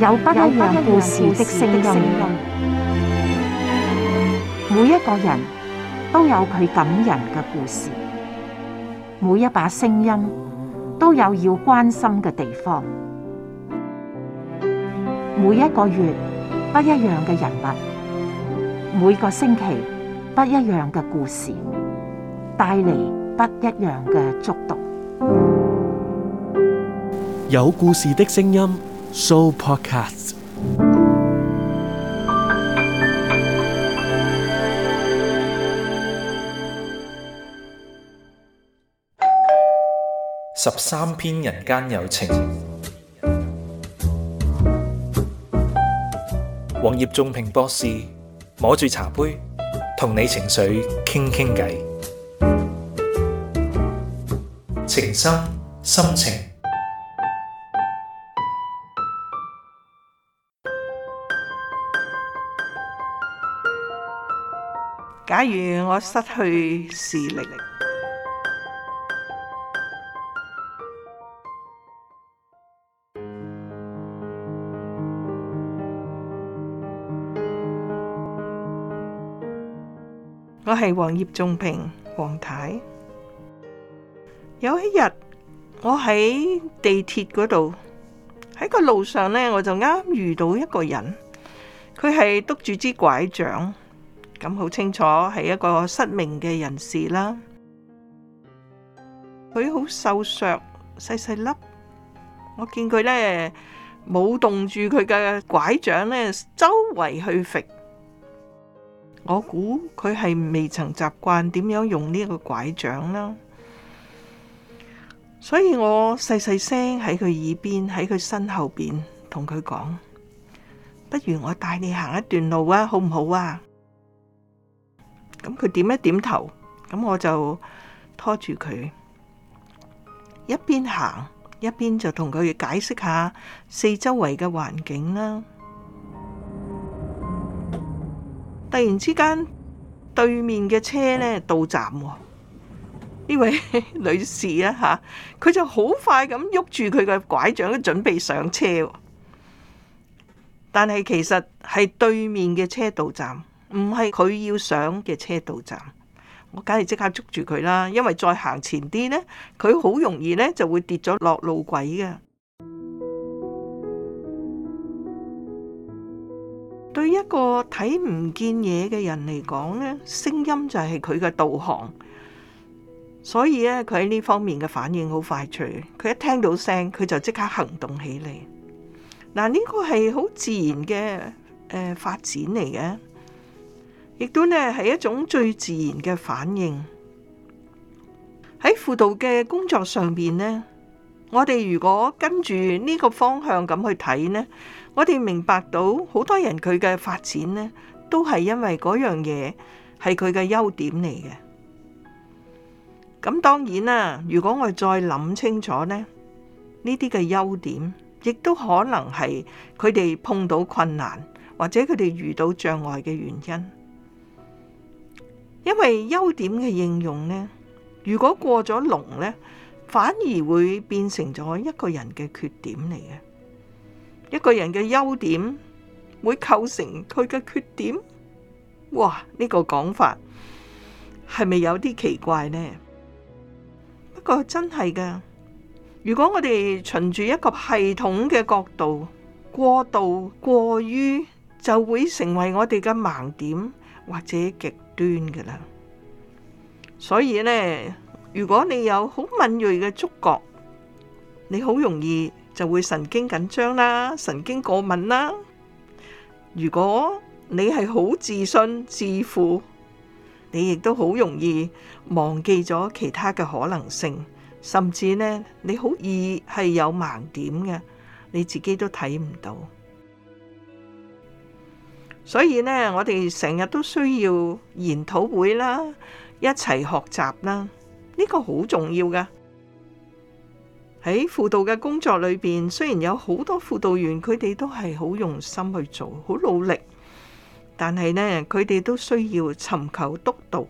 有不一樣故事的聲音，每一個人都有佢感人嘅故事，每一把聲音都有要關心嘅地方，每一個月不一樣嘅人物，每個星期不一樣嘅故事，帶嚟不一樣嘅觸動。有故事的聲音。Sooo Podcast。十三篇人間有情，黃葉仲萍博士摸住茶杯，同你情緒傾傾偈，澄心深情。假如我失去視力，我係黃葉仲萍黃太。有一日，我喺地鐵嗰度，喺個路上咧，我就啱遇到一個人，佢係篤住支拐杖。咁好清楚，係一個失明嘅人士啦。佢好瘦削，細細粒。我見佢咧，舞動住佢嘅拐杖咧，周圍去揈。我估佢係未曾習慣點樣用呢個拐杖啦。所以我細細聲喺佢耳邊，喺佢身後邊同佢講：「不如我帶你行一段路啊，好唔好啊？」咁佢點一點頭，咁我就拖住佢，一邊行一邊就同佢解釋下四周圍嘅環境啦。突然之間，對面嘅車呢到站喎，呢位女士啊吓，佢就好快咁喐住佢嘅拐杖，準備上車，但係其實係對面嘅車到站。唔係佢要上嘅車道站我梗係即刻捉住佢啦。因為再行前啲呢，佢好容易呢就會跌咗落路軌嘅。對一個睇唔見嘢嘅人嚟講呢，聲音就係佢嘅導航，所以咧佢喺呢方面嘅反應好快脆。佢一聽到聲，佢就即刻行動起嚟。嗱，呢個係好自然嘅誒發展嚟嘅。亦都呢係一種最自然嘅反應。喺輔導嘅工作上邊呢，我哋如果跟住呢個方向咁去睇呢，我哋明白到好多人佢嘅發展呢都係因為嗰樣嘢係佢嘅優點嚟嘅。咁當然啦，如果我哋再諗清楚呢，呢啲嘅優點，亦都可能係佢哋碰到困難或者佢哋遇到障礙嘅原因。因為優點嘅應用呢，如果過咗龍呢，反而會變成咗一個人嘅缺點嚟嘅。一個人嘅優點會構成佢嘅缺點，哇！呢個講法係咪有啲奇怪呢？不過真係噶，如果我哋循住一個系統嘅角度過度過於，就會成為我哋嘅盲點或者極端嘅啦，所以呢，如果你有好敏銳嘅觸覺，你好容易就會神經緊張啦、神經過敏啦。如果你係好自信、自負，你亦都好容易忘記咗其他嘅可能性，甚至呢，你好易係有盲點嘅，你自己都睇唔到。所以呢，我哋成日都需要研討會啦，一齊學習啦，呢個好重要噶。喺輔導嘅工作裏邊，雖然有好多輔導員，佢哋都係好用心去做，好努力，但係呢，佢哋都需要尋求督導。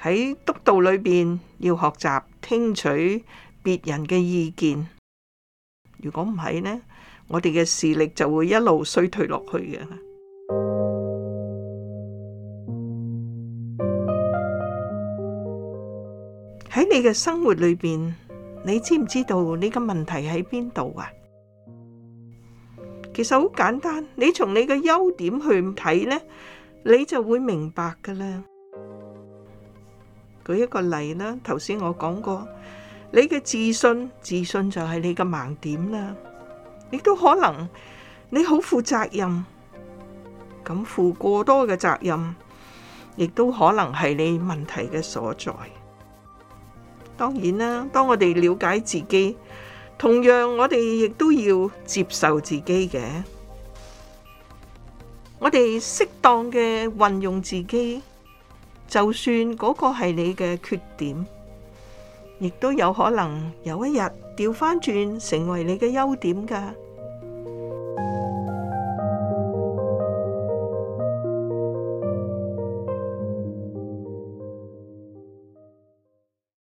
喺督導裏邊要學習聽取別人嘅意見。如果唔係呢，我哋嘅視力就會一路衰退落去嘅。你嘅生活裏邊，你知唔知道你嘅問題喺邊度啊？其實好簡單，你從你嘅優點去睇呢，你就會明白噶啦。舉一個例啦，頭先我講過，你嘅自信，自信就係你嘅盲點啦。亦都可能你好負責任，咁負過多嘅責任，亦都可能係你問題嘅所在。當然啦，當我哋了解自己，同樣我哋亦都要接受自己嘅。